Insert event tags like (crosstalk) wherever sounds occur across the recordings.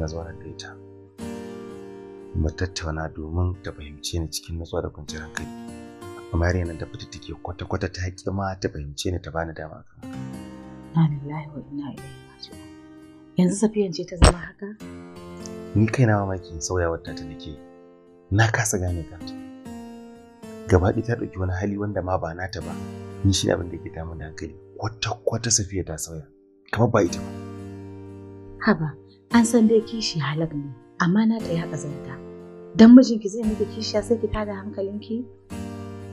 na zaunar da ita mu tattauna domin ta fahimce ni cikin nutsuwa da kwanciyar hankali amma yare nan da fita take kwata-kwata ta haƙi ma ta fahimce ni ta bani dama kan na lillahi wa ina ilaihi raji'un yanzu safiyan ce ta zama haka ni kaina mamakin sauyawar ta nake na kasa gane kanta gaba ɗaya ta ɗauki wani hali wanda ma ba nata ba ni shi abin da ke damun da hankali kwata-kwata safiya ta sauya kamar ba ita ba haba An san dai kishi halak ne, amma na ta ya kazanta Dan mijinki zai miki kishiya sai ki tada hankalinki?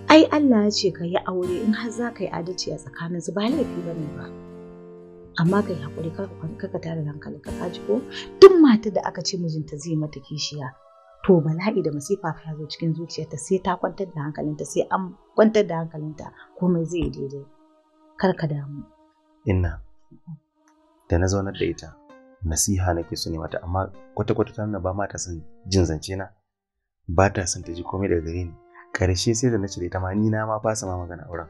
Ai Allah ya ce ka yi aure in har za ka yi adalci a tsakaninsu ba laifi ba ne ba. Amma kai hakuri haƙuri kar ka tada hankalinka ka ji ko duk matar da aka ce mijinta zai mata kishiya to bala'i da masifa ya zo cikin zuciyarta sai ta kwantar da hankalinta sai an kwantar da hankalinta komai zai yi daidai kar ka damu inna da na zaunar da ita nasiha nake so ne mata amma kwata-kwata ta nuna ba ma ta san jin zance na ba ta son ta ji komai daga gare ni karshe sai da na cire ta ma ni na ma fasa ma magana auren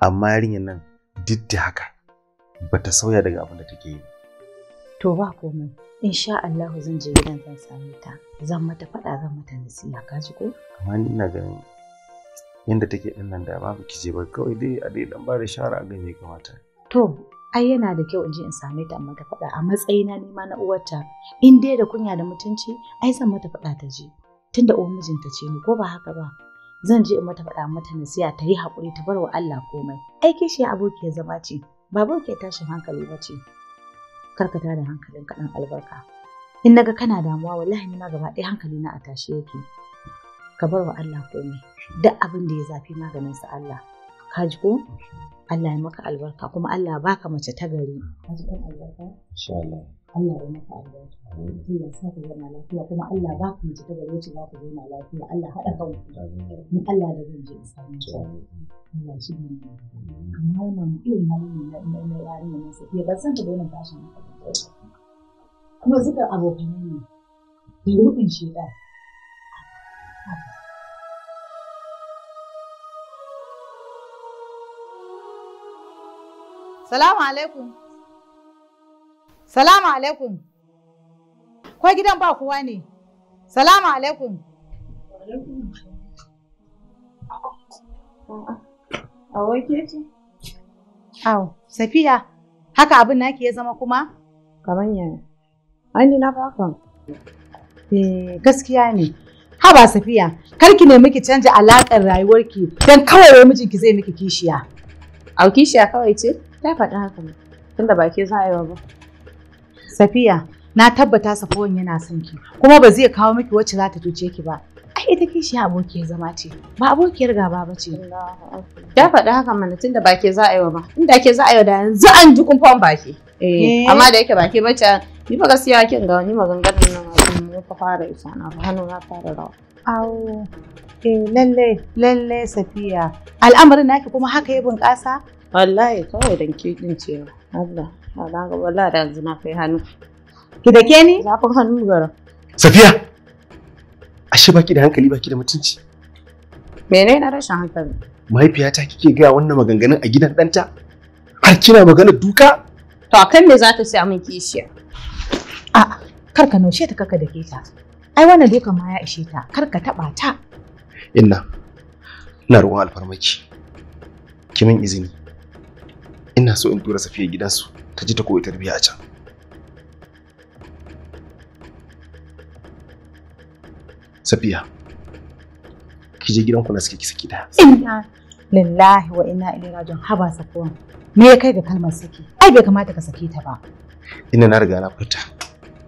amma yarinyar nan duk da haka ba ta sauya daga abin da take yi to ba komai insha Allah zan je gidan zan same ta zan mata faɗa zan mata nasiha ka ji ko amma ni ina ganin yanda take din nan da babu kije ba kawai dai a dai dan ba da shara a kamata to ai yana da kyau in je in same ta amma ta faɗa a matsayina ne ma na uwarta in dai da kunya da mutunci ai zan mata faɗa ta je tunda uwar mijinta ce ni ko ba haka ba zan je in mata faɗa mata nasiha ta yi haƙuri ta bar wa Allah komai aiki shi abokiyar zama ce ba ke tashi hankali ba ce karkata da hankalin kaɗan albarka in naga kana damuwa wallahi ni ma gaba ɗaya hankali na a tashi yake ka bar wa Allah komai duk abin da ya zafi maganin sa Allah ka ji Allah ya maka albarka kuma Allah ya baka mace ta gari ka ji albarka insha Allah Allah ya maka albarka Allah sa ka zama lafiya kuma Allah ya baka mace ta gari wacce za ku zauna lafiya Allah haɗa kanku ni Allah da zan je in samu ta Allah shi ne amma wannan irin halin na na na yarinya na safiya ban san ta da wannan tashin kuma zuka abokanai ne da rubin shi da Salamu alaikum. Salamu alaikum. Ko gidan ba kowa ne? Salamu alaikum. Awa ce? Safiya, haka abin naki ya zama kuma? Kamar yaya. An na bakon. Eh, gaskiya ne. Haba Safiya, kar ki ne miki canja alaƙar rayuwarki don kawai mijinki zai miki kishiya. Au kishiya kawai ce? Ya faɗi haka ne, tunda ba ke za a ba. Safiya, na tabbata Safuwan yana son ki, kuma ba zai kawo miki wacce za ta cuce ki ba. Ai ita shi abokiyar zama ce, ba abokiyar gaba ba ce. Ya faɗi haka mana tunda ba ke za a ba, inda ke za a da yanzu an ji kumfan baki. Eh. Amma da yake baki bacci ni ba gaskiya kin ga ni maganganun nan abin mun fa fara isa na ba hannu na fara rawa. Awo. Eh lalle lalle Safiya. Al'amarin naki kuma haka ya bunƙasa? wallahi kawai dan ke kin Allah Allah ga wallahi da yanzu na kai hannu ki da ke ni zafin hannu gara Safiya ashe baki da hankali baki da mutunci menene rashin hankali mahaifiyata kike gaya wannan maganganun a gidan danta? har kina magana duka to akan me za ta sai min kishiya a kar ka naushe ta kaka da ta ai wannan dukan ma ya ishe ta kar ka taba ta inna ina roƙon alfarmaki ki min izini ina so in tura safiya gidansu ta ji ta koyi tarbiyya a can safiya ki je gidanku na suke ki saki da inna lillahi wa inna ilaihi rajiun haba safuwan me ya kai ga kalmar saki ai bai kamata ka sake ta ba ina na riga na fita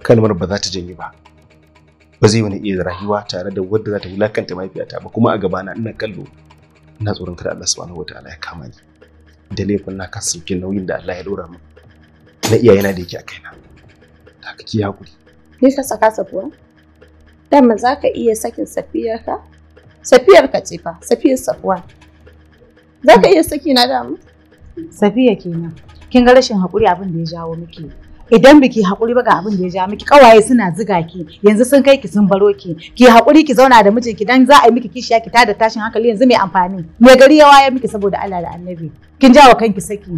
kalmar ba za ta janye ba ba zai wani iya rayuwa tare da wadda za ta wulakanta mafiyata ba kuma a gabana ina kallo ina tsoron kada Allah subhanahu wataala ya kama ni da laifin na kan sauke nauyin da Allah ya dora min na yana da yake a kaina ta kake hakuri ni ka saka Dan ma za ka iya sakin safiyar ka safiyar ka ce fa safiyar safuwa za ka iya saki na mu safiya kenan kin ga rashin hakuri abin da ya jawo miki idan biki haƙuri ba ga abin da ya ja miki kawaye suna ziga ki yanzu sun kai ki sun baro ki ki haƙuri ki zauna da mijinki dan za a yi miki kishiya ki tada tashin hankali yanzu mai amfani me gari ya waye miki saboda Allah da Annabi kin jawo kanki saki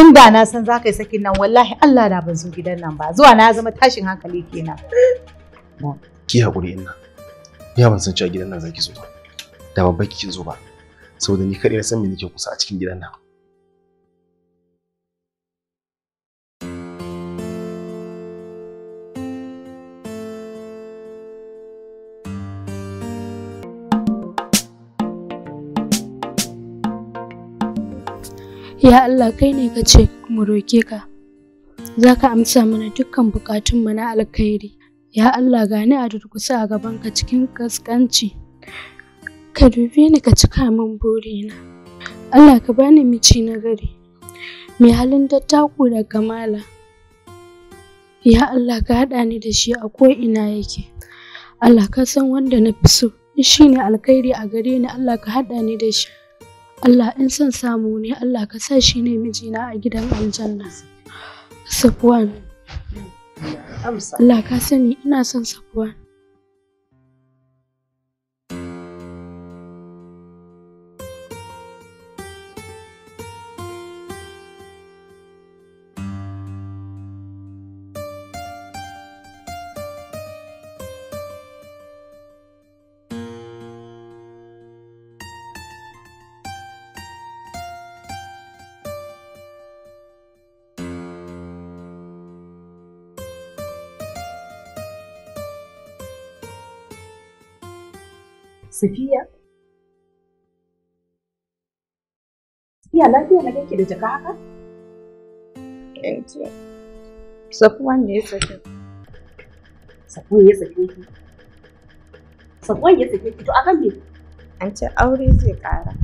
inda na san za ka yi sakin nan wallahi Allah da ban zo gidan nan ba zuwa na zama tashin hankali kenan ki haƙuri inna ya ban san cewa gidan nan zaki zo ba da babba kin zo ba saboda ni kaɗai na san me nake kusa a cikin gidan nan Ya Allah kai ne ka ce mu roke ka. Za ka amsa mana dukkan bukatunmu na alkhairi. Ya Allah gani a durkusa a gabanka cikin kaskanci. Ka dubi ni ka cika min burina. Allah ka bani mici na gari. Mai halin dattaku da kamala. Ya Allah ka haɗa ni da shi a ko'ina yake. Allah ka san wanda na fi so. Shi ne alkhairi a gare ni Allah ka haɗa ni da shi. Allah in son samu ne Allah ka sa shi ne mijina a gidan aljanna. Safwan. Allah ka sani ina son Safwan. Safiya? Iya lafiya na ganki da jaka haka? Yanzu. safu wanda ya sake. Safuwan ya sake ki. Safuwan ya sake ki to akan me? An ce aure zai ƙara.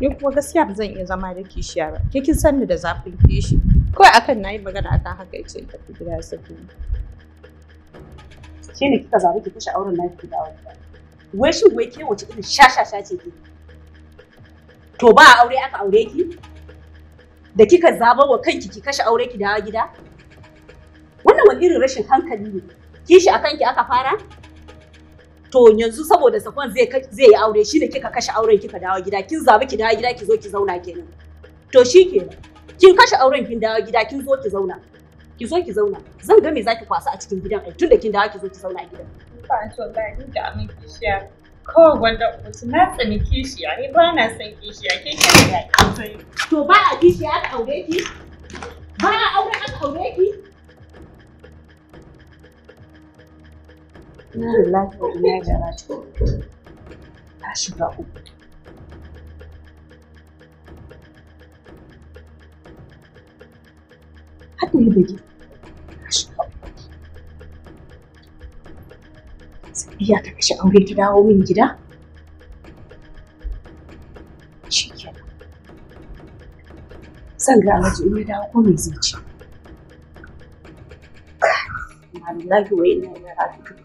Ni kuma gaskiya ba zan iya zama da kishiya ba. Ke kin san da zafin kishi. Kawai akan nayi magana akan haka yace in tafi gida Safiya. Shi ne kika zabi ki kashe auren na ki dawo gida. wai shin wai ke wace irin shashasha ce ke to ba a aure aka aure ki da kika zaba wa kanki ki kashe aure ki dawa gida wannan wani irin rashin hankali ne kishi a kanki aka fara to yanzu saboda sakon zai zai yi aure shine kika kashe auren kika dawo gida kin zaba ki dawa gida ki zo ki zauna kenan to shikenan kin kashe auren kin dawo gida kin zo ki zauna ki zo ki zauna zan ga me zaki kwasa a cikin gidan ai tunda kin dawo ki zo ki zauna a gidan Kawai so ga ni da min kishiya. Kawai gwanda uku na tsani kishiya ni ba na son kishiya ke kan da kishiya. To ba a kishiya aka aure ki? Ba a aure aka aure ki? Na lillahi wa inna ilaihi raji'un. Ta shiga uku. Haɗin da Sakariya ta kashe aure ta dawo min gida? Shi kenan. Zan ga waje in ya dawo ko me zai ci. Wallahi wai ina da rafi.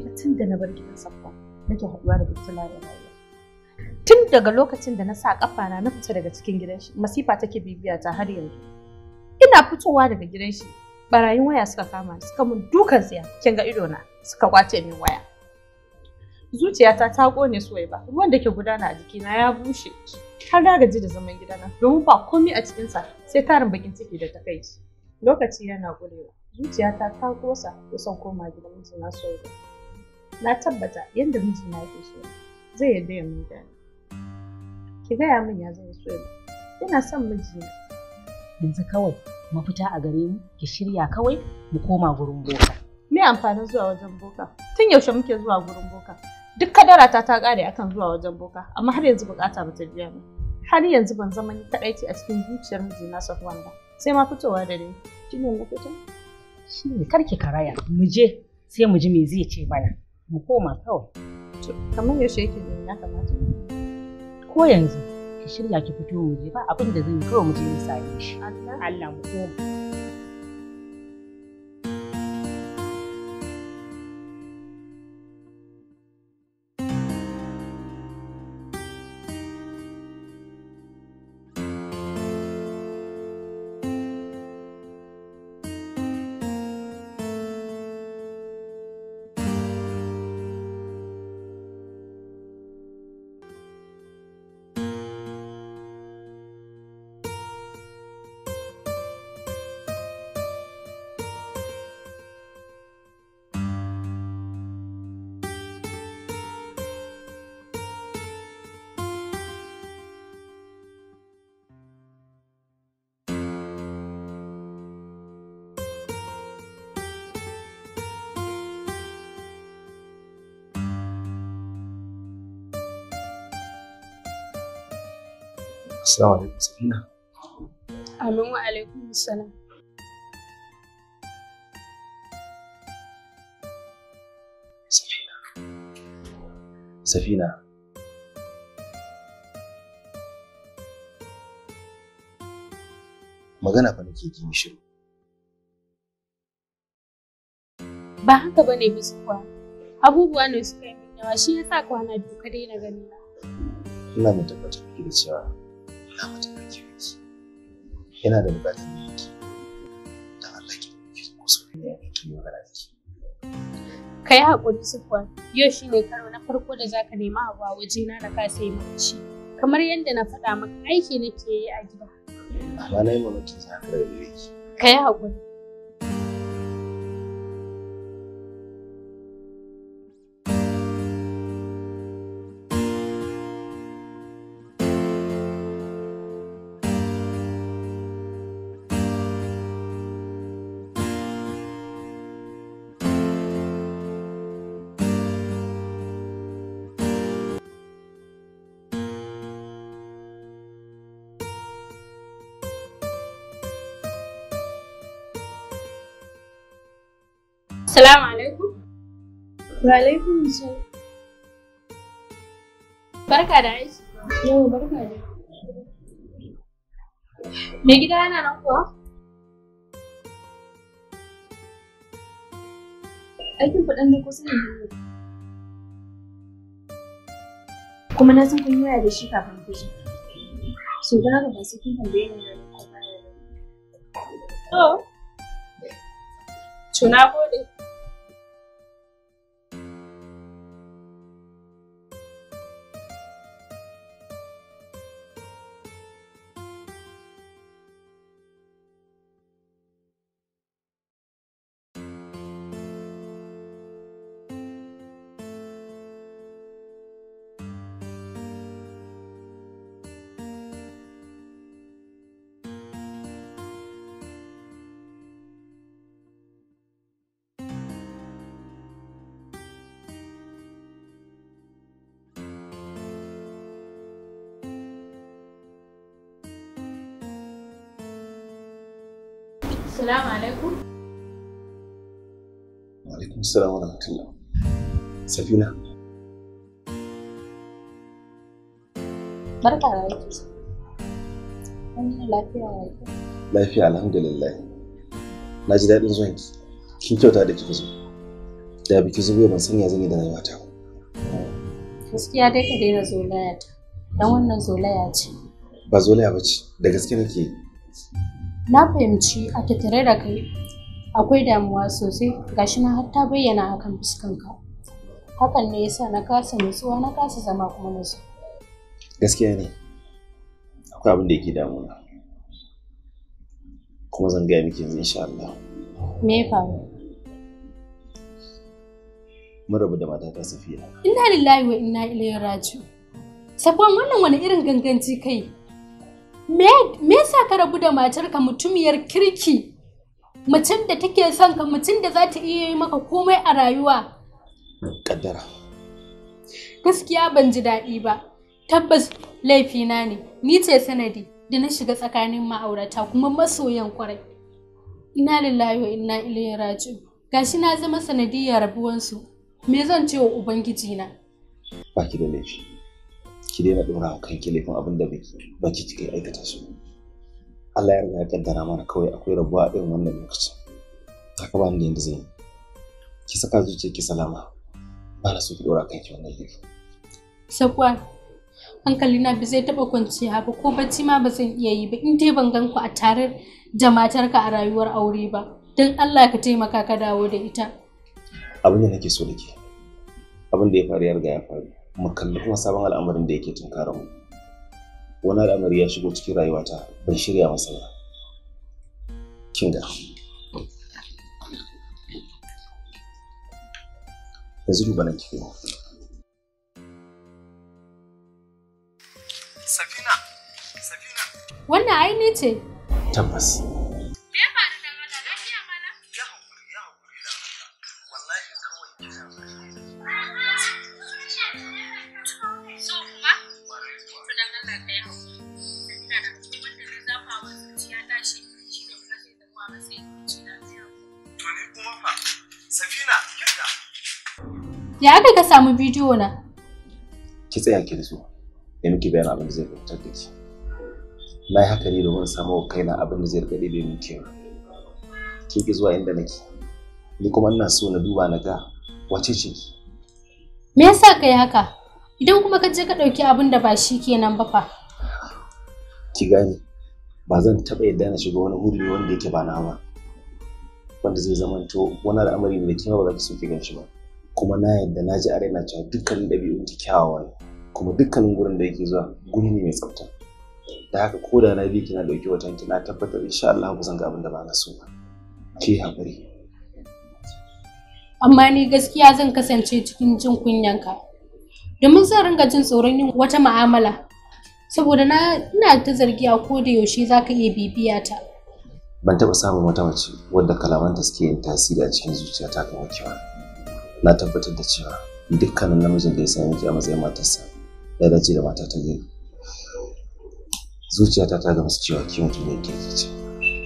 ita tun da na bar gidan Safwan nake haɗuwa da Bittula da Tun daga lokacin da na sa kafana na fita daga cikin gidan shi masifa take bibiya ta har yanzu. Ina fitowa daga gidan shi barayin waya suka kama suka mun dukan tsiya kin ga ido na suka kwace min waya. Zuciyata ta kone Suwaiba, ruwan da ke gudana a jikina ya bushe har na gaji da zaman gidana domin ba komai a cikinsa sai tarin bakin ciki da takaici. Lokaci yana ƙurewa. zuciyata ta kosa kusan koma gidan mijina soyayya na tabbata yadda mijina yake so zai yarda ya mun gani ki gaya min ya zai so Ina son mijina yanzu kawai mafita a gare mu ki shirya kawai mu koma gurin boka me amfanin zuwa wajen boka tun yaushe muke zuwa gurin boka duk kadara ta kare akan zuwa wajen boka amma har yanzu bukata ba ta biya ba. har yanzu ban zama ni kadaici a cikin zuciyar mijina Safwan ba sai ma fitowa da ni kin fita shi ne karki karaya mu je sai mu ji me zai ce mana mu koma kawai kamar yaushe yake da ya kamata ko yanzu ki shirya ki fito mu ba abin da zan yi kawai mu je mu same shi Allah mu koma Assalamu alaikum Safina. Amin wa alaikum salam. Safina. Safina. Magana fa nake ji shiru. Ba haka bane bisuwa. Abubuwa ne suka yi min yawa shi yasa kwana biyu ka na gani. Ina mu tabbatar da cewa Allah mataimakin ki yana da bukatar da yake dan Allah ki ki ko so ne ki magana da Ka yi haƙuri, sufwan yau shine karo na farko da zaka nema abu a waje na da ka sai mace kamar yadda na faɗa maka aiki nake yi a gida ba na yi mamaki zaka da yake yi haƙuri. Assalamu alaikum. Wa alaikum salam. Barka da aiki. Yau barka da. Me gida yana nan kuwa? Aikin kuɗin ne kusa ne Kuma na san kun yi waya da shi kafin ku zo. So don haka ba sai kun tambaye ni da Oh. Tuna gode. Assalamu alaikum. Wa alaikum salam wa rahmatullah. Safina. Barka da aiki. Wani lafiya aiki. Lafiya alhamdulillah. Na ji daɗin zuwan ki. Kin kyauta da kika zo. Da biki zuwa ban sanya zan yi da ta. Gaskiya dai ka daina zolaya ta. Dan wannan zolaya ce. Ba zolaya ba ce, da gaske nake yi. na fahimci a tattare da kai akwai damuwa sosai gashi na har ta bayyana hakan fuskanka hakan ne yasa na kasa nutsuwa na kasa zama kuma na gaskiya ne akwai abin da yake damuna kuma zan gaya miki yanzu insha Allah me ya faru mun rabu da matata Safiya inna lillahi wa inna ilaihi raji'un sabon wannan wani irin ganganci kai me yasa ka rabu da matar matarka mutumiyar kirki mutum da take son ka mutum da za ta iya yi maka komai a rayuwa kaddara gaskiya ban ji daɗi ba tabbas laifina ne ni ce sanadi da na shiga tsakanin ma'aurata kuma masoyan kwarai ina lillahi wa inna ilayhi raji'un gashi na zama sanadiyar rabuwansu me zan ce wa ubangijina baki da laifi ki daina dora a kan laifin abin da baki kika aikata su Allah ya riga ya kaddara mana kawai akwai rabuwa a irin wannan lokacin haka ba da yanda zai ki saka zuciya ki salama ba na so ki dora ki wannan laifin sakwa hankali na bi zai taba kwanciya ba ko bacci ma ba zan iya yi ba in dai ban gan ku a tare da matarka a rayuwar aure ba don Allah ka taimaka ka dawo da ita abin da nake so da ke abin da ya faru ya riga ya faru mu kalli kuma sabon al'amarin da yake tunkarar mu wani al'amari ya shigo cikin rayuwata ban shirya masa ba kinga yanzu duba nan kike Safina Safina wannan ai ce tabbas me ya faru Ya aka ka samu bidiyo na? Ki tsaya ki zo. ya miki bayan abin da zai fahimtar da ki. Na yi haka ne domin samu wa kaina abin da zai rika da min kewa. Kin ki zuwa inda nake. Ni kuma ina so na duba na ga wace ce ki. Me yasa ka yi haka? Idan kuma ka je ka ɗauki abin da ba shi kenan ba fa. Ki gane. ba zan taɓa yadda na shiga wani guri wanda yake ba na ba wanda zai zama to wani al'amari da kima ba za ka so ganshi ba kuma na yadda na ji a raina cewa dukkanin ɗabi'un ta kyawawa ne kuma dukkanin gurin da yake zuwa guri ne mai tsafta da haka ko da na biyu kina ɗauki watan ki na tabbatar insha Allah ba zan ga abin da ba na so ba ke haƙuri amma ni gaskiya zan kasance cikin jin kunyanka domin zan ringa jin tsoron yin wata ma'amala saboda na ina ta zargi a ko da yaushe za ka iya bibiya ta ban taɓa samun wata mace wadda kalamanta suke yin tasiri a cikin zuciyata kamar kewa na tabbatar da cewa dukkanin namijin da ya sami ki a matsayin matarsa ya dace da mata ta gani. zuciyata ta gamsu cewa ki mutum ne kirki ce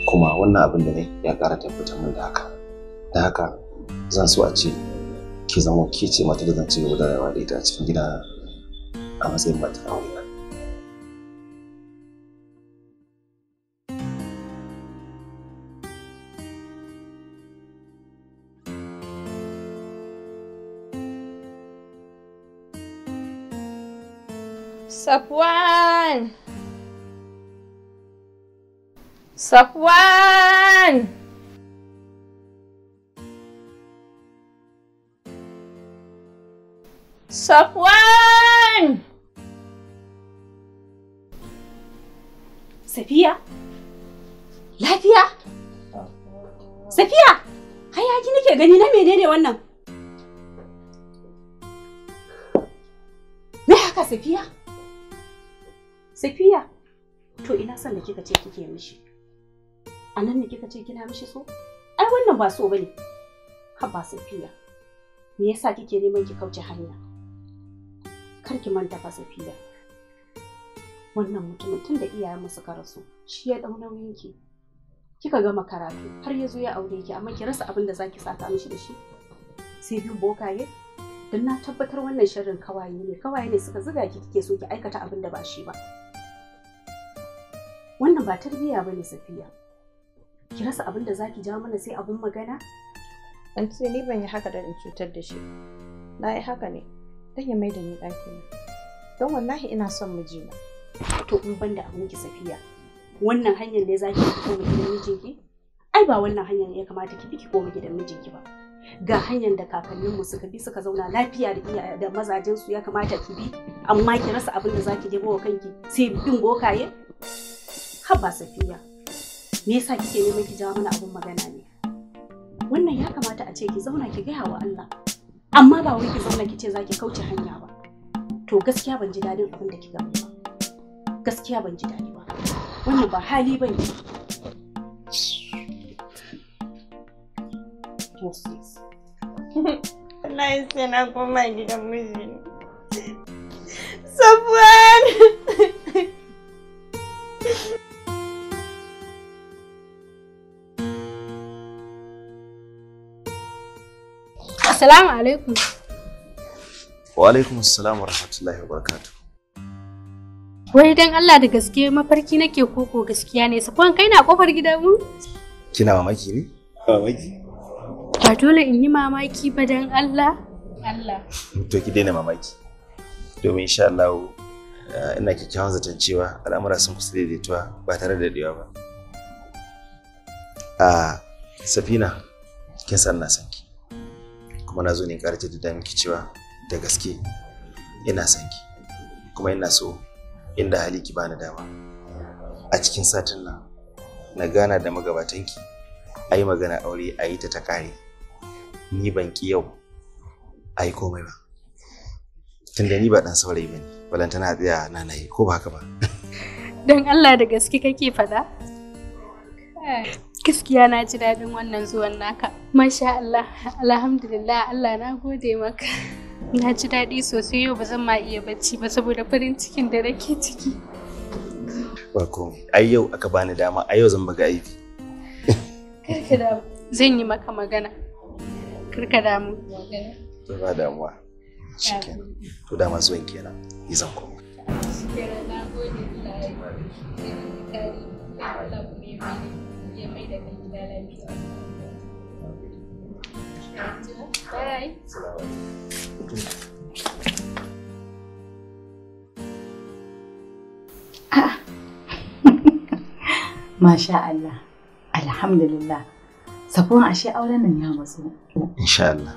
kuma wannan abin da ne ya kara tabbatar min da haka da haka zan so a ce ki zama ke ce mata da zan ci gaba da rayuwa da ita a cikin gida a matsayin mata aure Safwan! Safwan! Safwan! Safiya? Lafiya? Safiya! Hayaki nake gani na menene wannan? Me haka Safiya? Safiya, to ina son da kika ce kike mishi. A nan ne kika ce kina mishi so? Ai wannan ba so bane. Haba Safiya, me yasa kike neman ki kauce hanya? Kar ki manta fa Safiya. Wannan mutumin tun da iyayen mu suka rasu, shi ya dau nauyin ki. Kika gama karatu har ya zo ya aure ki amma ki rasa abin da zaki saka mishi da shi. Sai biyu bokaye, don na tabbatar wannan shirin kawaye ne kawaye ne suka zuga ki kike so ki aikata abin da ba shi ba. wannan ba tarbiyya ne, safiya ki rasa abin da zaki ja mana sai abin magana an ce ni ban yi haka da in cutar da shi na yi haka ne dan ya maida ni daki na don wallahi ina son mijina to in ban da abin ki safiya wannan hanyar ne zaki fito mu gidan mijinki ai ba wannan hanyar ne ya kamata ki fiki ko koma gidan mijinki ba ga hanyar da kakanninmu suka bi suka zauna lafiya da da su ya kamata ki bi amma ki rasa abin da zaki je wa kanki sai bin bokaye haba safiya me yasa kike neman ki jawo mana abun magana ne wannan ya kamata a ce ki zauna ki gaya wa Allah amma ba wai ki zauna ki ce za ki kauce hanya ba to gaskiya ban ji dadin abin da kika ba gaskiya ban ji dadi ba wannan ba hali bane yi sai na koma gidan miji. Sabuwan! Assalamu alaikum. Wa alaikum assalam wa rahmatullahi wa barakatuh. Wai dan Allah da gaske mafarki nake koko gaskiya ne, safon kai na kofar gidan mu? Kina mamaki ne? Mamaki? Ba dole in yi mamaki ba dan Allah. Allah. To ki daina mamaki. Domin insha Allah eh, ina kyakkyawan zaton cewa al'amura sun kusa daidaituwa ba tare da daɗewa ba. Ah, Safina, kin san na san kuma na zo ne ƙara da miki cewa da gaske ina son ki kuma ina so inda hali ki bani dama a cikin satin nan na gana da magabatan a yi magana aure a yi ta ta kare ni ban ki yau a yi komai ba tunda ni ba dan saurayi ba ne balantana tsaya na na yi ko ba haka ba don allah da gaske kake fada eh. Gaskiya na ji daɗin wannan zuwan naka. Masha Allah, alhamdulillah Allah na gode maka. (laughs) Na ji daɗi sosai yau ba zan ma iya bacci ba saboda farin cikin da nake ciki. Ba komai, ai yau aka bani dama, ai yau zan buga aiki. Karka damu, zan yi maka magana. Karka damu. To ba damuwa. Shikenan. To dama zuwan kenan, yi zan koma. Shikenan, na gode Allah ya yi. Allah ku ne (laughs) Masha Allah, Alhamdulillah, sakon ashe auren nan ya matsu. Insha Allah.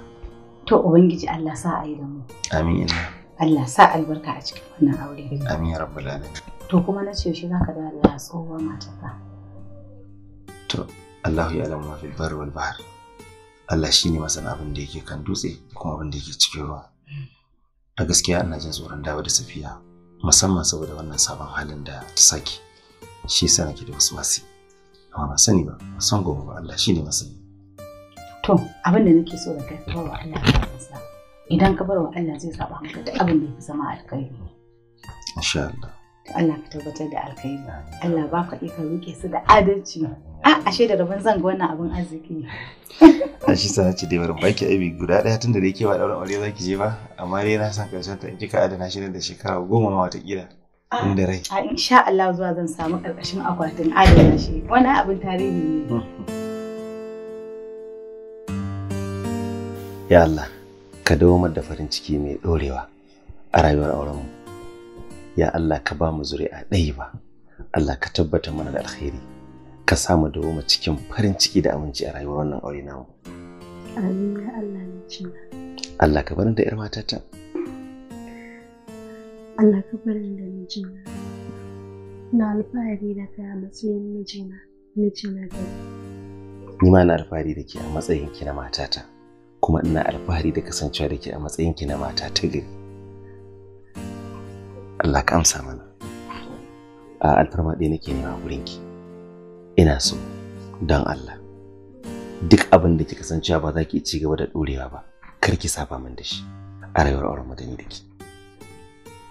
To, Ubangiji Allah sa a yi da mu. Amin. Allah sa albarka a cikin wannan aure. Amin ya rabbal alamin. To kuma na ce shi zaka da Allah tsohuwar matarka. To, Allahu ya alamu mafi bar wal bahar. Allah shi ne masana abin da yake kan dutse kuma abin da yake cikin ruwa. A gaskiya ina jin tsoron dawo da safiya musamman saboda wannan sabon halin da ta sake. Shi yasa nake da wasu wasi. Amma ba sani ba, ba san gobe ba Allah shi ne masani. To, abin da nake so da kai ka wa Allah ka Idan ka bar wa Allah zai saba maka duk abin da ya fi zama alkhairi. Insha Allah. Allah ka tabbatar da alkhairi Allah ba ka ika rike su da adalci a ashe da rabon zan ga wannan abin arziki a shi sana ce dai barin baki aibi guda daya tun da dai kewa dauran aure ki je ba amma dai na san karshen ta in kika adana shi da shekara goma ma watakila inda rai a insha Allah zuwa zan samu karkashin akwatin adana shi wani abin tarihi ne ya Allah ka dawo da farin ciki mai ɗorewa a rayuwar aurenmu ya Allah ka ba mu zuri'a ɗaya ba Allah ka tabbata mana da alkhairi ka sa mu mu cikin farin ciki da aminci a rayuwar wannan aure namu amin ya Allah ne cina Allah ka barin da yar matata Allah ka barin da mijina na alfahari da kai a matsayin mijina na da ni ma na alfahari da ke a matsayin ki na matata kuma ina alfahari da kasancewa da ke a matsayin ki na mata ta gari Allah ka amsa mana a alfarma ɗaya nake nema gurin ki ina so don Allah duk abin da kika san cewa ba za ki ci gaba da ɗorewa ba kar ki saba min da shi a rayuwar auren madani da ki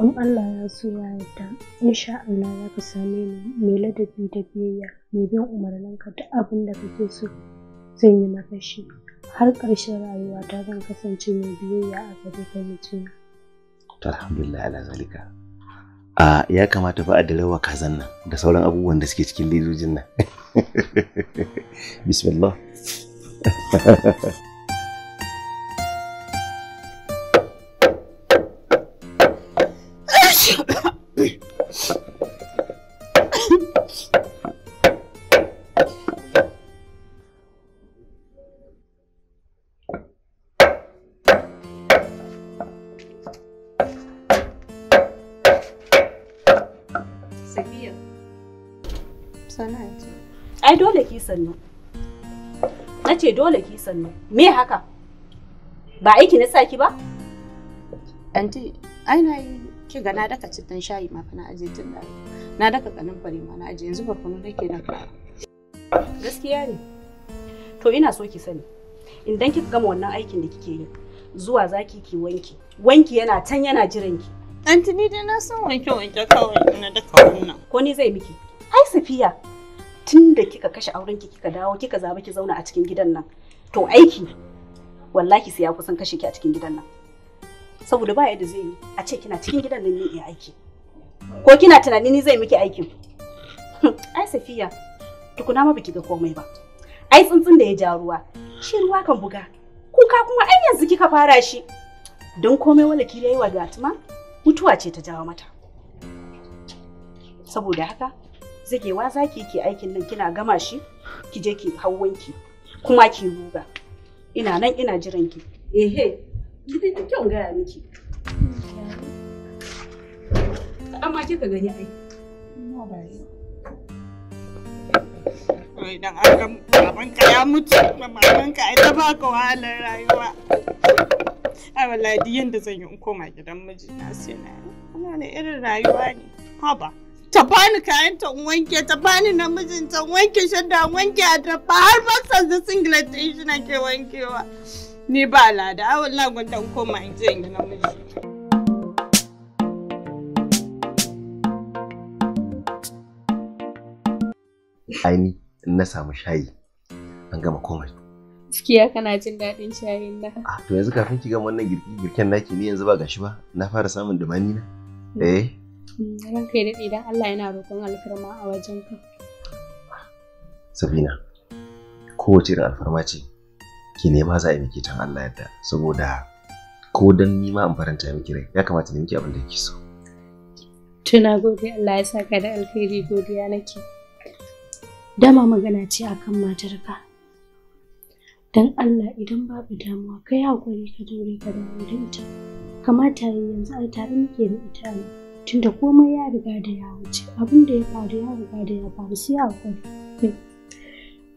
in Allah ya so ya yarda insha Allah za ka same ni mai ladabi da biyayya mai bin umarninka duk abin da kake so zan yi maka shi har ƙarshen rayuwa ta zan kasance mai biyayya a gare ka mijina alhamdulillah ala zalika a ya kamata fa a dalawa kazan nan da sauran abubuwan da suke cikin ledojin nan (laughs) bismillah (laughs) sannu na ce dole ki sannu me haka ba aiki na saki ba anti ai na yi ki ga na daka cittan shayi ma na aje tun da na daka kanin fari ma na aje yanzu barkono nake daka gaskiya ne to ina so ki sani idan kika gama wannan aikin da kike yi zuwa zaki ki wanki wanki yana can yana jiran ki anti ni dai na san wanke wanke kawai na daka wannan ko ni zai miki ai safiya tun da kika kashe auren ki kika dawo kika zaba ki zauna a cikin gidan nan to aiki wallahi sai ya kusan kashe ki a cikin gidan nan saboda ba yadda zai yi a ce kina cikin gidan nan ne ya aiki ko kina tunani ni zai miki aikin (laughs) ai safiya tukuna ma biki ga komai ba ai tsuntsun da ya ja ruwa shi ruwa kan buga kuka kuma ai yanzu kika fara shi don komai wala ki yayi wa gatuma mutuwa ce ta jawo mata saboda haka zagewa zaki ke aikin nan kina gama shi ki je ki hawanki kuma ki ruga ina nan ina jiran ki ehe gidan ta kyau gaya miki amma kika gani ai Wai dan an babanka ya mutu, mamanka ai ta baka wahalar rayuwa. Ai wallahi duk yanda zan yi in koma gidan mijina sai na yi. Wannan irin rayuwa ne. Haba. ta bani kayan ta wanke ta bani namijin ta wanke shadda wanke a dabba har boxers da singlet din shi nake wankewa ni ba lada a wallahi gwanda koma in je ni yi namiji aini na samu shayi an gama komai gaskiya kana jin daɗin shayin nan ah, to yanzu kafin ki gama wannan girki girken naki ni yanzu ba gashi ba na fara samun dumani na hmm. eh Mm, ranka yi daɗe idan Allah yana roƙon alfarma a wajenka. Sabina, kowace irin alfarma ce, ki nema za a yi miki tan Allah yadda saboda ko dan ni ma in faranta miki rai ya kamata ne miki abin da kike so. Tuna gode Allah ya saka da alkhairi godiya nake. Dama magana ce akan matarka. Dan Allah idan babu damuwa kai hakuri ka dore ka dawo da ita. Kamata yanzu ai tare muke da ita ne. tunda komai ya riga da ya wuce abin da ya faru ya riga da ya faru sai hakuri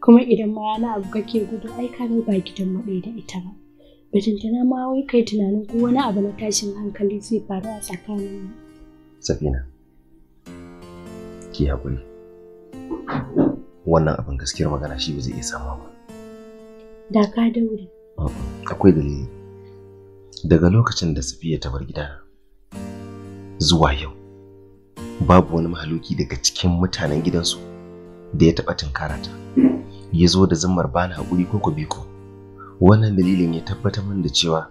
kuma idan ma yana abu kake gudu ai ka ne ba gidan maɗai da ita ba bajintana ma wai kai tunanin ko wani abu na tashin hankali zai faru a tsakanin mu safina ki haƙuri. wannan abin gaskiyar magana shi ba zai iya samuwa ba da ka daure akwai dalili daga lokacin da safiya ta bar gidana zuwa yau babu wani mahaluki daga cikin mutanen gidansu da ya taɓa tunkarata ya zo da zimmar bani haƙuri ko ku ko wannan dalilin ya tabbatar min da cewa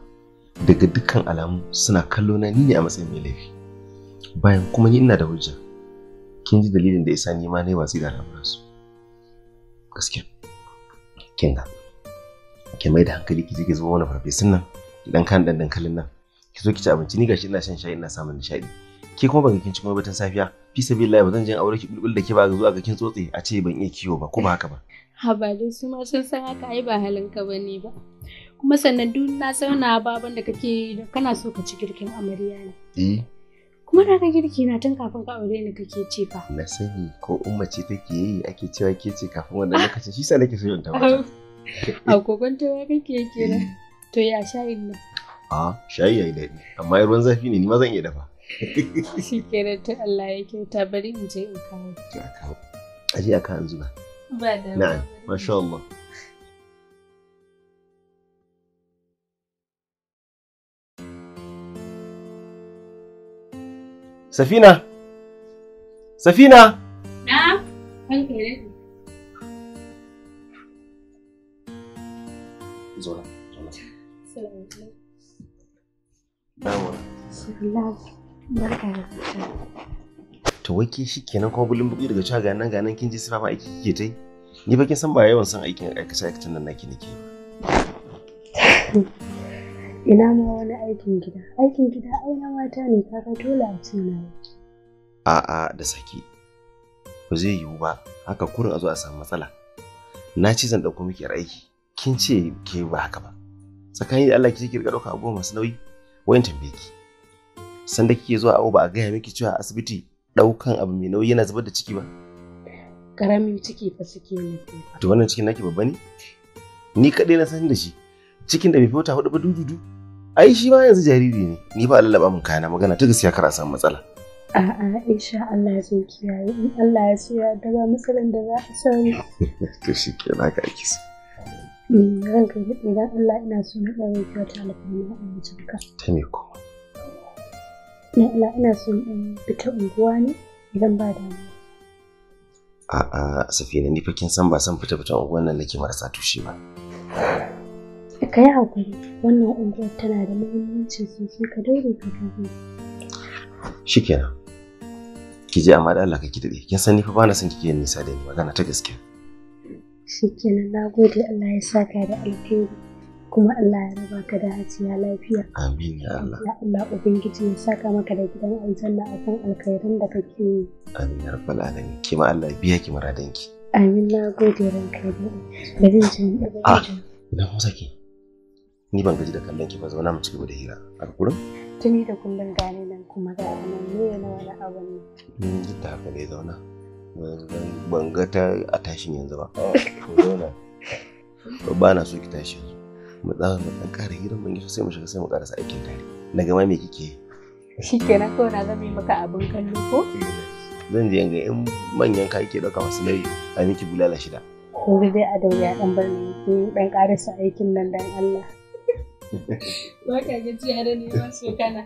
daga dukkan alamu suna kallo na ni ne a matsayin mai laifi bayan kuma ni ina da hujja kin ji dalilin da yasa ni ma nayi watsi da su gaskiya kin ga mai da hankali ki je ki zama wani farfesun nan idan kan dan dankalin nan ki zo ki ci abinci ni gashi ina shan shayi ina samun nishaɗi ke kuma baka kin ci kuma tun safiya fi sabilillahi ba zan je aure ki bulbul da ke ba ga zuwa ga kin tsotse a ce ban iya kiwo ba ko ba haka ba dai su ma sun san haka ai ba halin ka bane ba kuma sannan duk na sauna baban da kake kana so ka ci girkin amarya ne eh kuma da ka girki na tun kafin ka aure ni kake ce fa na sani ko umma ce take yi ake cewa ke ce kafin wannan lokacin shi sa nake so yin ta ba a kokon ta kake kenan eh. to ya sha nan a shayi ya yi daɗi amma ruwan zafi ne ni ma zan iya dafa (laughs) shi kenan ta Allah ya kyauta bari in je in kawo ki a kawo a je a kawo zuba ba da na'am masha Allah Safina Safina na kan kere zo na Dawa. Bismillah. Barka shi kenan kuma bulin buki daga cewa ga nan ga nan kin ji sifafa aiki kike ta yi. Ni ba kin san ba yawan son aikin aikata aikacen nan naki nake ba. (laughs) Ina ma wani aikin gida. Aikin gida ai na mata ne kaga dole a ce na. A'a da saki. Ba zai yiwu ba haka kurin a zo a samu matsala. Na ce zan ɗauko miki aiki. Kin ce ke ba haka ba. Tsakanin da Allah ki ce ki riga ɗauka abubuwa masu nauyi. wayan tambaye ki da kike zuwa awo ba a gaya miki cewa asibiti daukan abu mai nauyi yana zubar da ciki ba karamin ciki fa suke ne to wannan cikin naki babba ne ni kadai na san da shi cikin da bai fita hudu ba dududu ai shi ma yanzu jariri ne ni ba lallaba mun kana magana ta gaskiya kar a samu matsala a'a insha Allah zai kiyaye in Allah ya so ya daga matsalan da za a samu (laughs) to shi kenan ka kisa ranka idan Allah ina so na ɗaya kyauta alfarma a wajenka. Ta ne kuma. Na Allah ina so na ɗaya fita unguwa ne idan ba da mu. A'a Safina ni fa kin san ba san fita fita unguwan nan nake marasa tushe ba. Ka yi hakuri wannan unguwar tana da muhimmanci sosai ka daure ka gano. Shikenan. Ki je amma da Allah ka ki daɗe kin san ni fa ba na son kike yin nisa da ni magana ta gaskiya. shikenan na gode Allah ya saka da alheri kuma Allah ya raba ka da hajiya lafiya amin ya Allah ya Allah ubangiji ya saka maka da gidan aljanna kan alkhairin da kake yi amin ya rabbal alamin ki ma Allah biya ki ki amin na gode ranka da bari jin ah ina musa ki ni ban gaji da kallon ki ba zauna mu ci gaba da hira alkurin tuni da kullun gane nan kuma ga nan ne na wani abu ne ni mm, da haka dai zauna ban ga ta a tashin yanzu ba ba oh. na so ki tashi yanzu mu tsaya mu dan ƙara hira mun yi sai mu shiga sai mu ƙarasa aikin tare na gama me kike shikenan kawai na zame maka abin kallo ko zan je ga in manyan ka ke dauka masu nayi a miki bulala shida yanzu dai a ya dan bar ni ki dan ƙarasa aikin nan dan Allah (laughs) Waka gajiya da neman su kana.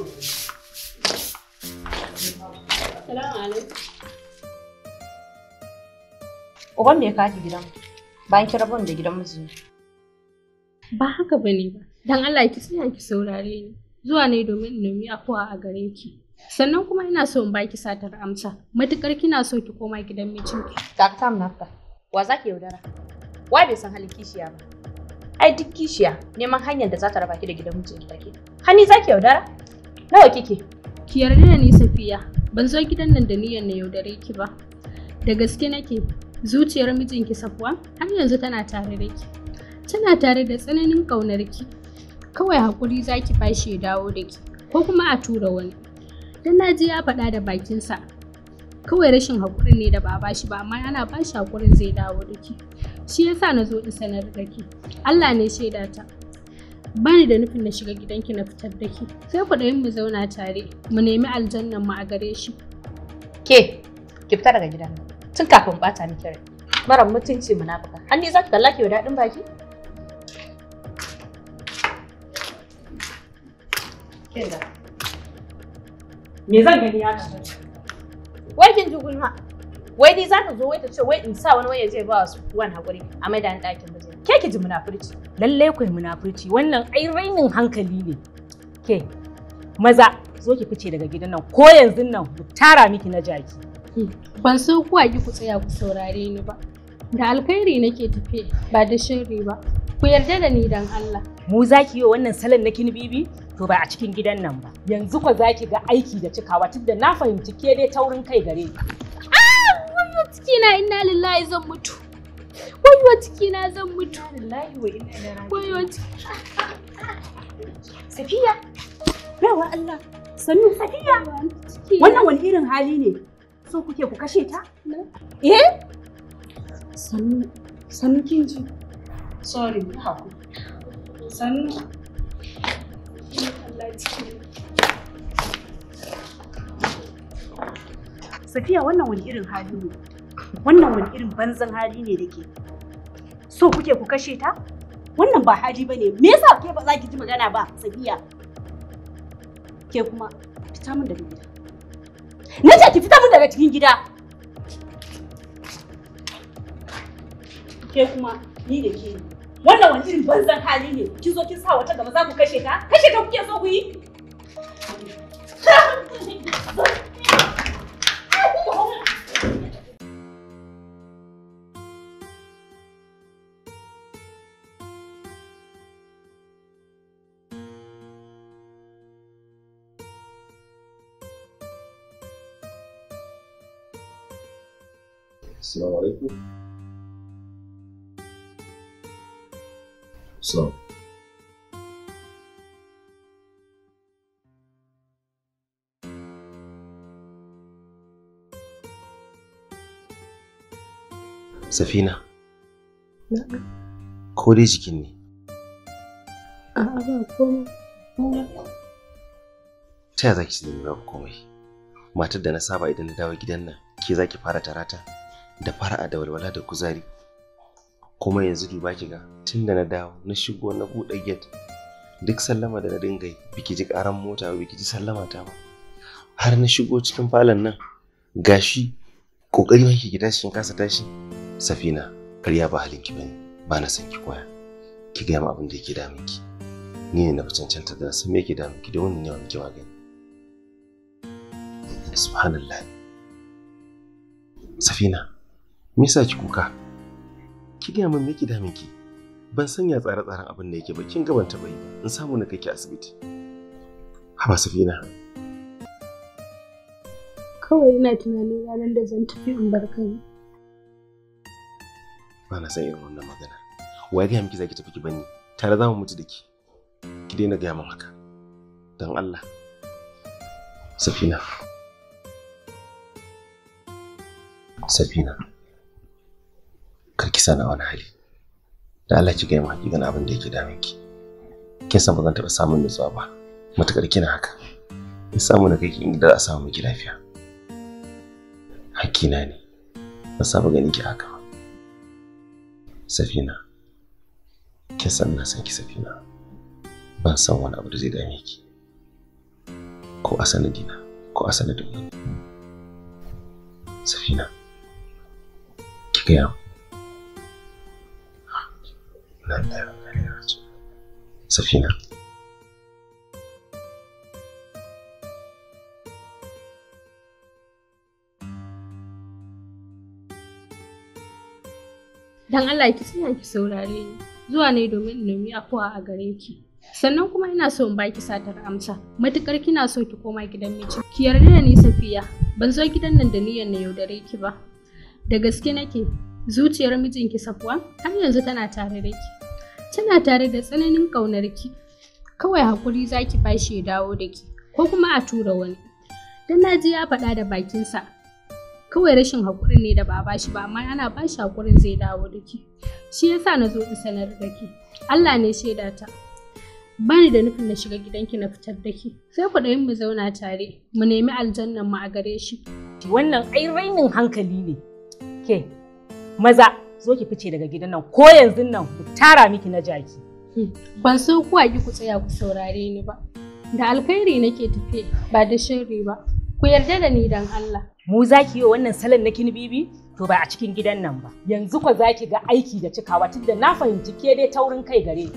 uban me ya kaki gidan bayan kira rabu da gidan miji ba haka bane ba dan Allah ki tsaya ki saurare ni zuwa ne domin in nemi afuwa a gare ki sannan kuma ina so in baki satar amsa matukar kina so ki koma gidan mijinki dakta nafka wa zaki yaudara wa bai san halin kishiya ba ai duk kishiya neman hanyar da za ta raba ki da gidan ki take hani zaki yaudara nawa kike ki yarda da ni safiya ban zo gidan nan da niyyar na yaudare ki ba da gaske nake zuciyar mijinki safuwa har yanzu tana tare da ki tana tare da tsananin ƙaunar ki kawai hakuri za ki bashi ya dawo da ki ko kuma a tura wani dan naji ya faɗa da bakinsa kawai rashin hakuri ne da ba shi ba amma ana bashi haƙurin zai dawo da ki shi yasa na zo in sanar da ki Allah ne shaida ta ba da nufin na shiga gidanki na fitar da ki sai ku mu zauna tare mu nemi aljannan mu a gare shi ke ki fita daga gidan tun kafin bata miki rai mara mutunci munafuka har za zaki kalla wa daɗin baki Kenda. me zan gani ya kasance wai kin ji gulma wai ni za ta zo wai ta ce wai in sa wani waya zai ba su wani hakuri a mai da ɗakin mijin ke ki ji munafurci lalle ku munafurci wannan ai rainin hankali ne ke maza zo ki fice daga gidan nan ko yanzu nan mu tara miki na jaki Ban so kuwa ki ku tsaya ku saurare ni ba. Da alkhairi nake tafe ba da shirri ba. Ku yarda da ni dan Allah. Mu za ki yi wannan salon na Bibi, To ba a cikin gidan nan ba. Yanzu kwa za ki ga aiki da cikawa tunda na fahimci ke dai taurin kai gare ki. Ah! na inna lillahi zan mutu. ciki na zan mutu. Lillahi wa inna ilaihi Waiwa cikina. Safiya. Yawa Allah. Sannu Safiya. Wannan wani irin hali ne? so kuke ku kashe ta? Eh? Sannu, sannu kin ji. Sorry, haku. Sannu. Safiya wannan wani irin hali ne? Wannan wani irin banzan hali ne da ke? So kuke ku kashe ta? Wannan ba hali ba ne. Me yasa ke ba za ki ji magana ba, Safiya? Ke kuma, fita min daga gida. Na ce ki fita mun daga cikin gida. Ke kuma ni da ke wannan wani irin banzan hali ne kin zo kin sa wata gaba za ku kashe ta kashe ta kuke so ku yi السلام عليكم Safina. Ko dai jikin ne? A'a ba komai. Ta yaya za ki nuna komai? Matar da na saba idan na dawo gidan nan, ke za ki fara tarata? da fara'a da walwala da kuzari kuma yanzu duba ki ga tun da na dawo na shigo na buɗe gate duk sallama da na dinga yi biki ji karan mota biki ji sallama ta ba har na shigo cikin falon nan gashi kokari nake ki tashi kin kasa tashi safina karya ba halin ki bane ba na san ki koya ki ga abin da yake damun ki ni ne na fi cancanta da san me yake damun ki da wannan yawan ki magani subhanallah safina Misa ki kuka? Ki gaya min me ki miki ki? Ban sanya tsare-tsaren abin da yake ba kin gabanta bai. in samu na kake asibiti. Haba Safina. Kawai ina tunanin ranar da zan tafi in bar kai. Ba na san irin wannan magana. Wai gaya miki zaki tafi ki bani tare za mu mutu da ki. Ki daina gaya min haka. Don Allah. Safina. Safina. kar ki sana wani hali da Allah ki gaya mu hakikan abin da yake damun ki kin san ba zan taɓa samun nutsuwa ba matukar kina haka ki samu da kake inda za a samu miki lafiya hakina ne ba saba gani ki haka ba safina kin san na san ki safina ban san wani abu da zai dame ki ko a sanadina ko a sanadin safina ki gaya mu ina dan Allah ki tsaya ki saurare ni zuwa ne domin in nemi afuwa a gare ki sannan kuma ina so in baki satar amsa matukar kina so ki koma gidan miji ki yarda da ni safiya ban zo gidan nan da niyyar na yaudare ki ba da gaske nake Zuciyar mijinki safuwa har yanzu tana tare da ki. Tana tare da tsananin ƙaunar ki. Kawai hakuri za ki bashi ya dawo da ki ko kuma a tura wani. Dan naji ya faɗa da bakinsa. Kawai rashin hakuri ne da ba a bashi ba amma ana bashi hakurin zai dawo da ki. Shi yasa na zo in sanar da ki. Allah ne shaidata. bani da nufin na shiga gidanki na fitar da ki sai ku ɗayin mu zauna tare mu nemi aljannan mu a gare shi wannan ai rainin hankali ne ke maza zo ki fice daga gidan nan ko yanzu nan ku tara miki na jaki hmm. ban so ku ki ku tsaya ku saurare ni ba da alkhairi nake tafe ba da shirri ba ku yarda da ni dan Allah mu za ki yi wannan salon na Bibi, to ba a cikin gidan nan ba yanzu ko za ki ga aiki da cikawa tunda na fahimci ke dai taurin kai gare ni.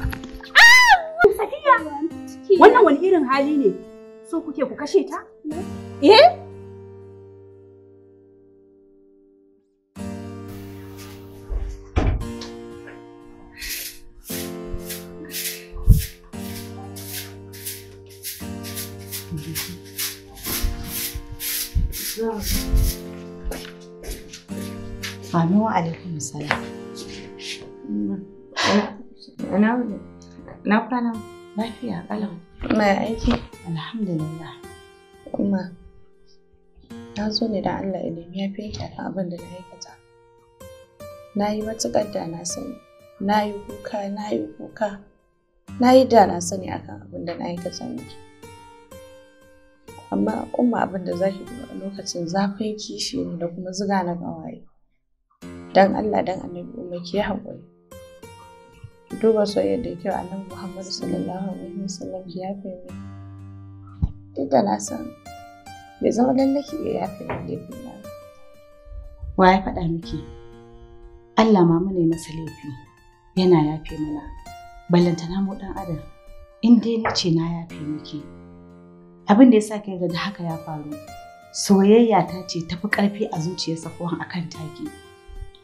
wannan wani irin hali ne so kuke ku kashe ta hmm? eh Amin wa alaikum salam. Na kwana lafiya kalau. Mai aiki? Alhamdulillah. Umma, na zo ne da Allah ilimi ya fi yake abin da na aikata. Na yi matukar da na sani, na yi kuka, na yi kuka, na yi da na sani akan abin da na aikata miki. Amma umma abin da zaki ki a lokacin zafin kishi ne da kuma ziga na ƙawaye. dan Allah dan annabi umma ki haƙuri duba soyayya da kyau annabi Muhammadu sallallahu alaihi wasallam ya yafe duk da na san bai zama dan ki ya yafe ni laifin na wa ya faɗa miki Allah ma ne masa laifi yana yafe mana ballantana mu dan adam in dai ni ce na yafe miki abin da yasa kai ga haka ya faru soyayya ta ce tafi karfi a zuciyarsa ko akan taki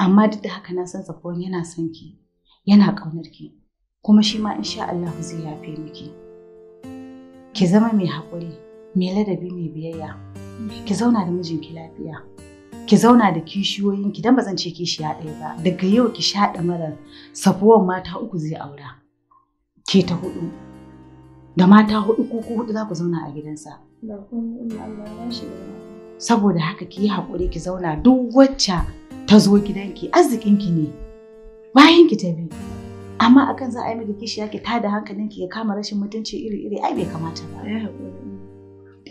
amma duk da haka na san Zakwan yana son ki yana ƙaunar ki kuma shi ma insha Allah zai yafe miki ki zama mai haƙuri mai ladabi mai biyayya ki zauna da mijinki lafiya ki zauna da kishiyoyin ki dan ba zan ce kishiya ɗaya ba daga yau ki shaɗa mara safuwan mata uku zai aura ke ta hudu da mata hudu ko ko hudu za ku zauna a gidansa saboda haka ki yi haƙuri ki zauna duk wacce ta zo gidanki arzikinki ne bayan ki ta biyu amma akan za a yi miki kishiya ki tada hankalinki ya kama rashin mutunci iri-iri ai bai kamata ba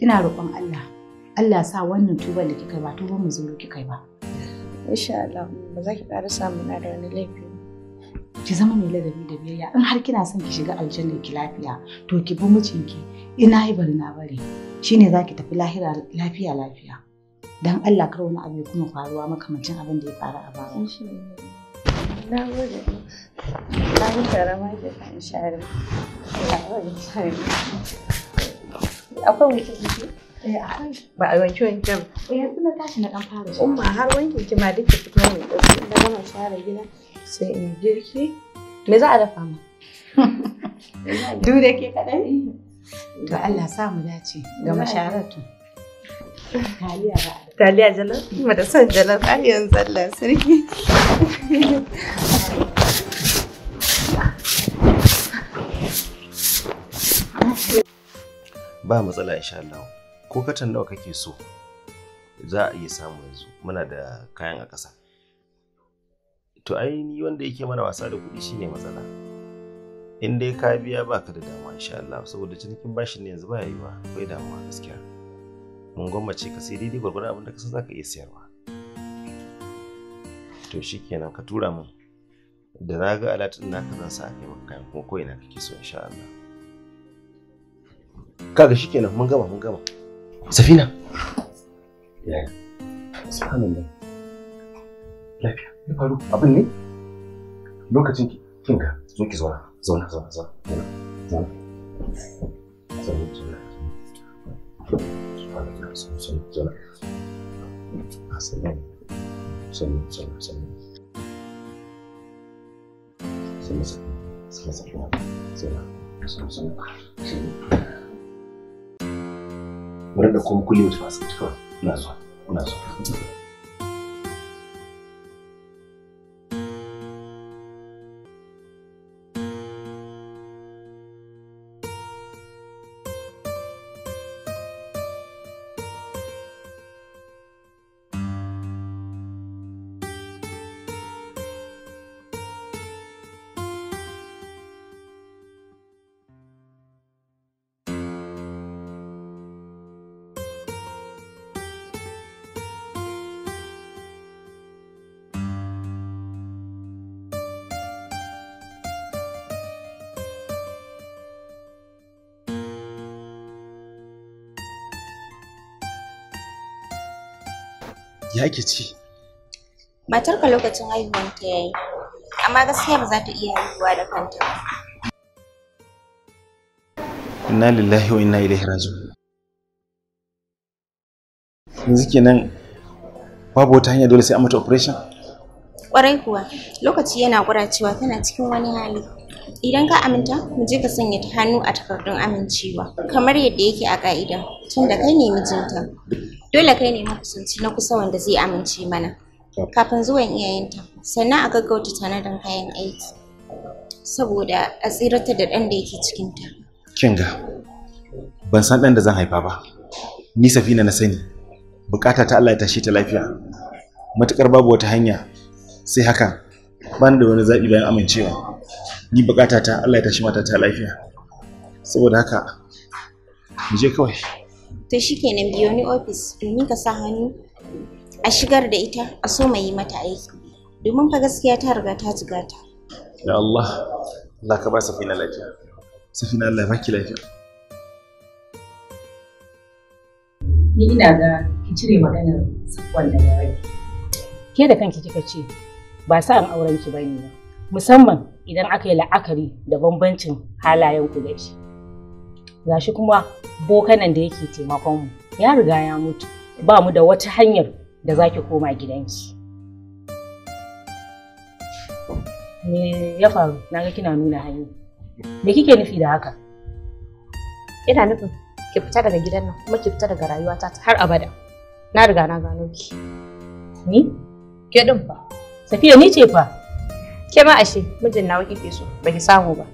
ina roƙon Allah Allah sa wannan tubar da kika ba tubar mu zuru kika ba insha Allah ba za ki ƙara samu na da wani laifi ki zama mai ladabi da biyayya in har kina son ki shiga aljanna ki lafiya to ki bi mijinki ina yi bari na bari shine za ki tafi lahira lafiya lafiya don Allah kar wani abu ya kuma faruwa makamancin abin da ya faru a baya. Na gode. Na yi karama da kan share. Akwai wanke eh, wanke? Ba a wanke wanke ba. Eh, yanzu na tashi na ɗan fara shi. Umma har wanke ki ma duk da fito mai ɗauki. Na gama share gida sai in girki. Me za a dafa ma? (laughs) Duk da ke kaɗai? To Allah sa mu dace ga masharatu. Taliya jalaf? Ima da son jalaf har yanzu Allah sarki. Ba matsala insha Allah. Ko katan nawa kake so? Za a iya samu yanzu. Muna da kayan a ƙasa. To ai ni wanda yake mana wasa da kuɗi shine matsala. In dai ka biya baka da dama insha Allah saboda cinikin bashin ne yanzu ba yi ba. Akwai damuwa gaskiya. mun gwammace ka sai daidai gwargwaron abin da ka san za iya siyarwa to shi ka tura min da na ga alatin ka zan sa a kai maka kayan kuma ko ina kake so insha Allah kaga shi kenan mun gama mun gama safina yaya subhanallah lafiya ya faru abin ne lokacin ki kinga zo ki zauna zauna zauna zauna zauna zauna para que no, son, son, son, son, kuma kullum su masu cikin na zuwa ya ke ci matarka lokacin haihuwar ta yayi amma gaskiya ba za ta iya haihuwa da kanta ba inna lillahi wa inna ilaihi raji'un yanzu kenan babu wata hanya dole sai an mata operation kwarai kuwa lokaci yana kuracewa tana cikin wani hali idan ka aminta mu je ka sanya ta hannu a takardun amincewa kamar yadda yake a ka'ida tunda kai ne mijinta dole kai ne makusanci na kusa wanda zai amince mana kafin zuwan iyayenta sannan a gaggauta tanadin kayan aiki saboda a tsirata da ɗan da yake cikinta kinga ban san ɗan da zan haifa ba ni safina na sani bukata ta Allah ya tashe ta lafiya matukar babu wata hanya sai haka bani da wani zaɓi bayan amincewa ni bukata ta Allah ya tashi mata ta lafiya saboda haka mu je kawai to shi kenan biyo ni ofis domin ka sa hannu a shigar da ita a so mai yi mata aiki domin fa gaskiya ta riga ta jiga ta ya Allah Allah ka ba safina lafiya safina Allah ya baki lafiya ni ina ga ki cire maganar safwan daga rai ke da kanki kika ce ba sa an auren ki bane ba musamman idan aka yi la'akari da bambancin halayen ku da shi gashi kuma bokanan da yake taimakon mu ya riga ya mutu ba mu da wata hanyar da za ki koma gidanki. Me ya faru? Na ga kina nuna hanyar? Me kike nufi da haka? Ina nufin ki fita daga gidan nan kuma ki fita daga rayuwata ta har abada. Na riga na gano ki. Ni? Ke din fa. Safiya ni ce fa. Ke ma ashe mijin nawa kike so baki samu ba.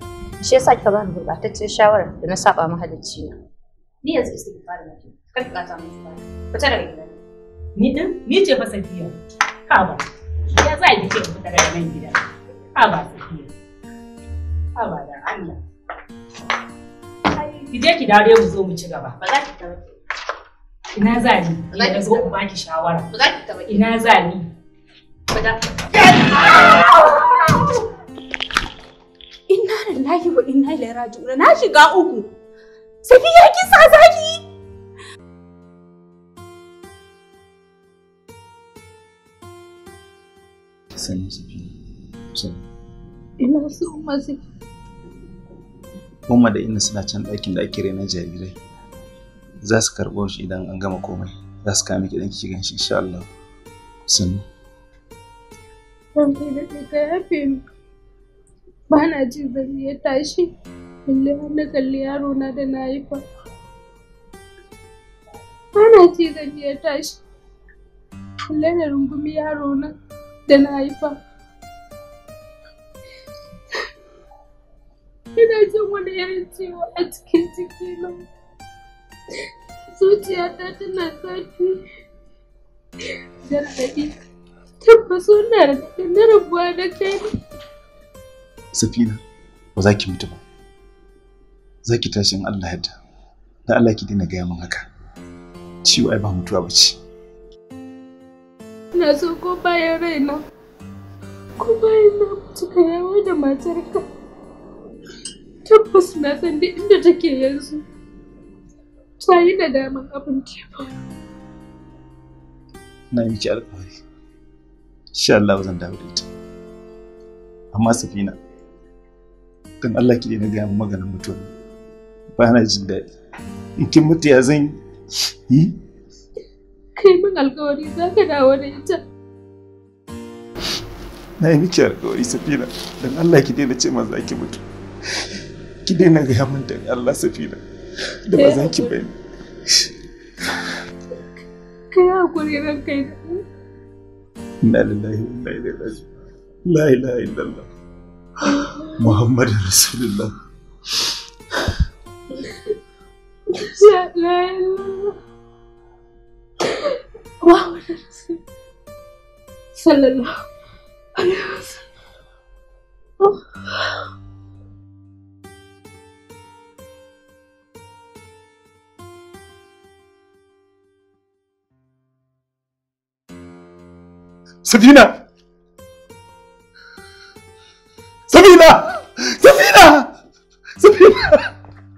Shi yasa kika ba ni gurbataccen shawara da na saba mahalicci na. ni yanzu istighfar na ce kar ka ta musu baya fita daga gidan ni ni ce fa ba za fita daga nan ba ba da Allah ki zo mu ci gaba ina za ni ina zo shawara za ina za ni wa inna na shiga uku Safiya kin sa zaki? Sani Safiya. Sani. Ina so masu. da Ina suna can ɗakin da ake rena jarirai. Za su karɓo shi idan an gama komai. Za su kame ki dan ki gan shi insha Allah. Sani. Ban kai da kai ya yafe Ba na jin zan iya tashi. kalli har na kalli yaro na da na yi fa ana ce zan iya tashi kalli na rungumi yaro na da na yi fa ina jin wani irin ciwo a cikin ciki jikina zuciyata tana zafi da raɗaɗi tabbas wannan raɗaɗin na rabuwa na kai Safina, ba za ki mutu ba. za ki tashi in Allah yadda da Allah ki daina gaya min haka ciwo ai ba mutuwa ba ce ina so ko bayan raina ko bayan na mutu ka yawo da matarka tabbas na san duk inda take yanzu ta yi da dama abin ba. na yi miki alƙawari insha Allah zan dawo da ita amma safina don Allah ki daina gaya min maganin mutuwa ba na jin daɗi in kin mutu ya zan yi kai min alkawari za ka dawo da ita na yi miki alkawari safina don allah ki daina ce maza ki mutu ki daina gaya min da allah safina da ba zan ki bani kai hakuri ran kai da inna lillahi wa inna ilaihi raji'un la ilaha illallah muhammadur rasulullah Jalan. Wow, sallallahu alaihi wasallam. Safina! Safina! Safina!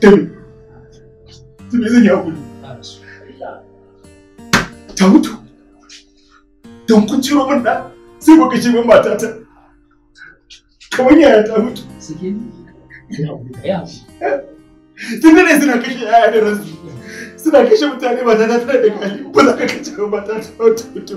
Dami. Dami zan yi hakuri. Ta mutu. Don kun ciro min sai baka ce min matata. Kamar yaya ta mutu. Tun da ne suna kashe yaya da ransu. Suna kashe mutane ba tana tana za ka kashe min matata ta mutu. mutu.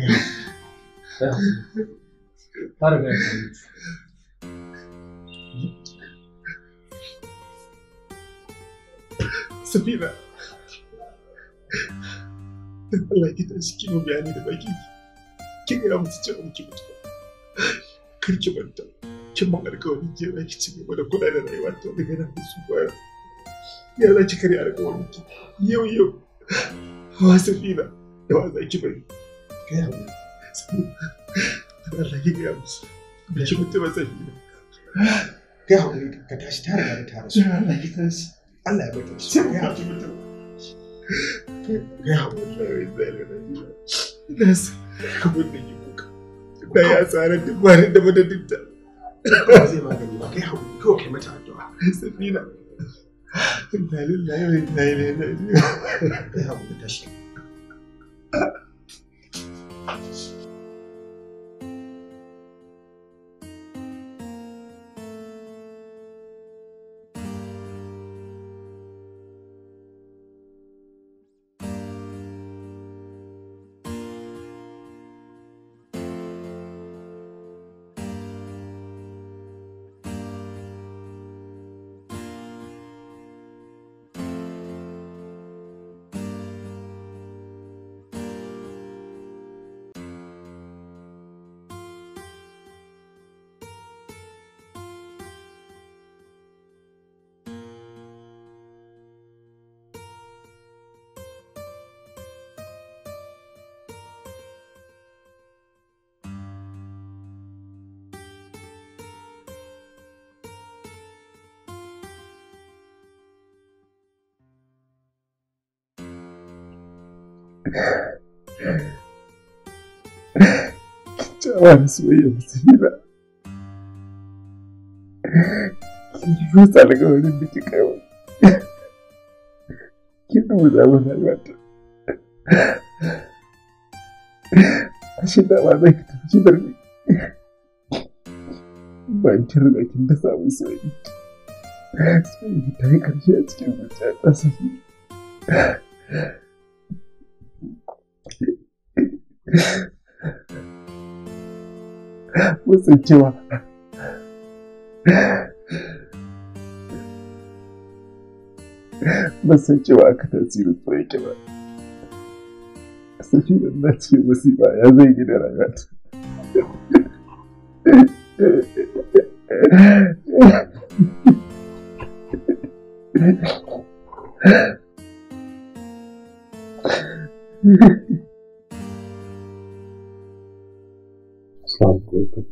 誰がやったんですかサビラ、だからきた式もやねばいけに、けがらもつちゃう気持ちだ。kar ki manta kin mun alƙawarin ke za ki ci gaba da kula da rayuwa ta daga nan da su baya ya za ki karya alƙawarin ki yau yau wa safina da wa za ki bari gaya mu Allah ya musu ka tashi tare da ta rasu Allah ya tashi Allah ya shi gaya mu mutu gaya da ka kuka da ya tsara duk wani da madadin ta ba zai magani ba kai hawo kawai kai mata addu'a sabina Inna lillahi wa inna ilaihi Unidos. Kyakkyawan soyayya musulina. Kin rusa daga wurin da kika yi Kin rusa wani albata. Ashe da ba za ki tafi da ni. Ba ki riga kin da samu soyayya. Soyayya a cikin zuciya mun tsincewa ban kiwa. aka tasirin so yake ba sashi na ce musiba ya zai gina rayuwa Yeah. (laughs) 三個と。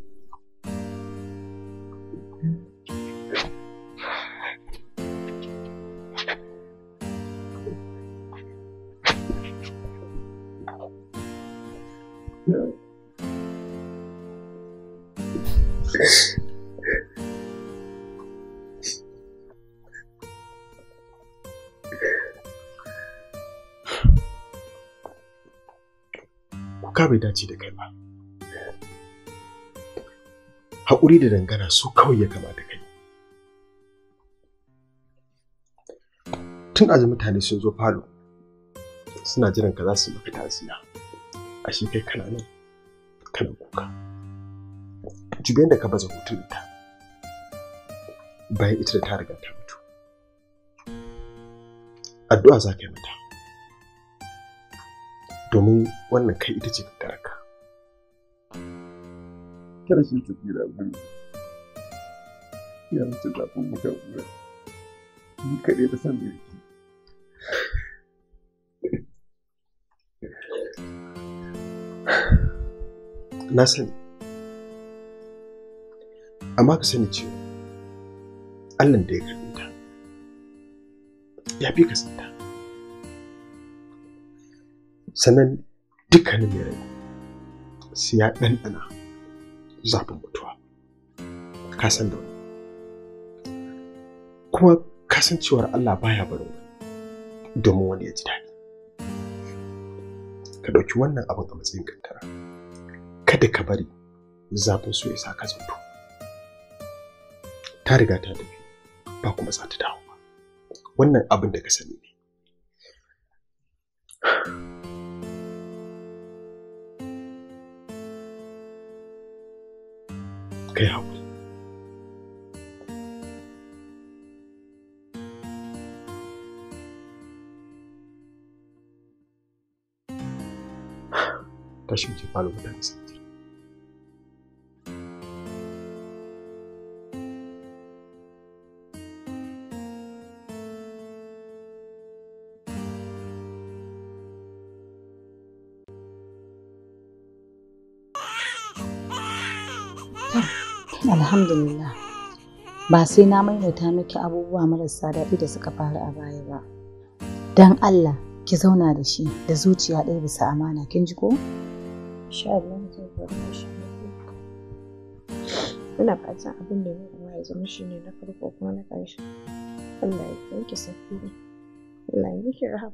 岡部たちでけば。hakuri da dangana su kawai ya kamata kai tun aji mutane sun zo falo suna jiran ka za su maka tasiya a shi kai kana nan kana kuka jubiyan da ka baza hutun ta bayan ita da ta riga ta mutu addu'a za ka yi mata domin wannan kai ita ce ka da Gerçi ya wuce zafin muka bu kavga. Bir da san da yake Na sani. Amma ka sani ce Allah da ya karɓi ta ya fi kasanta. Sannan dukkanin yare su ya ɗanɗana. zafin mutuwa ka san da kuma kasancewar Allah baya barin domin wani ya ji daɗi ka ɗauki wannan abin a matsayin kankara kada ka bari zafin so ya sa ka zato ta riga ta tafi ba kuma za ta dawo ba wannan abin da ka sani kai haƙuri (sighs) tashin ki falo da Alhamdulillah. Ba sai na maimaita miki abubuwa marasa daɗi da suka faru a baya ba. Don Allah ki zauna da shi da zuciya ɗaya bisa amana kin ji ko? Insha Allah zai faru shi. Ina fatan abin da zai kuma ya zama shi ne na farko kuma na ƙarshe. Allah ya kai ki ne. Allah ya miki rahab.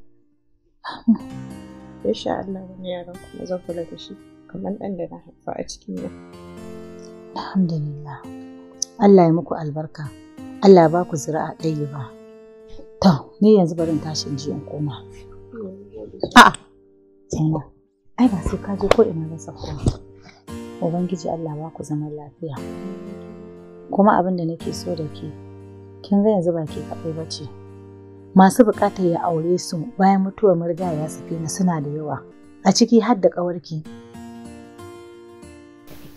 Insha Allah wani yaron kuma zan kula da shi kamar ɗan da na haifa a cikin yau. Alhamdulillah. Allah ya muku albarka. Allah ba ku zira'a ɗaya ba. To, ni yanzu barin tashi in ji in koma. A'a, Zaina, ai ba sai ka je ko ina ba sako. Ubangiji Allah ba ku zaman lafiya. Kuma abin da nake so da ke, kin ga yanzu ba ke kaɗai ba ce. Masu buƙatar ya aure su bayan mutuwar murga ya safi na suna da yawa. A ciki har da ƙawarki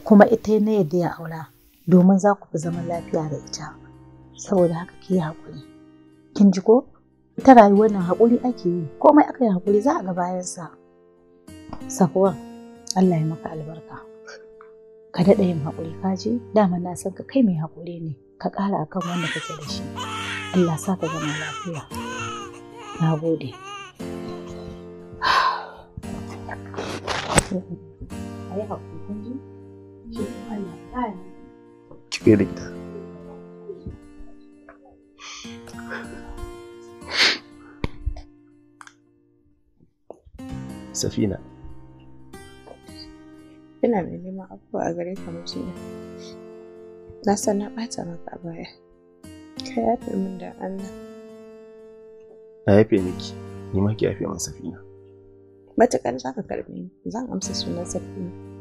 kuma ita na yadda ya aura domin za ku fi zaman lafiya da ita saboda haka ke yi haƙuri kin ji ko ita rayuwar nan haƙuri ake yi komai aka yi haƙuri za a ga bayansa safuwan Allah ya maka albarka ka daɗa yin haƙuri ka ji dama na san ka kai mai haƙuri ne ka ƙara akan wanda kake da shi Allah sa ka zama lafiya na gode Thank (sighs) you. Cike Safina. Ina mai neman abubuwa a gare ka mutum Na san na ɓata maka a baya. Ka yafe min da Allah. Na yafe miki, ni ma ki yafe min Safina. Matuƙar za ka karɓe ni, zan amsa sunan Safina.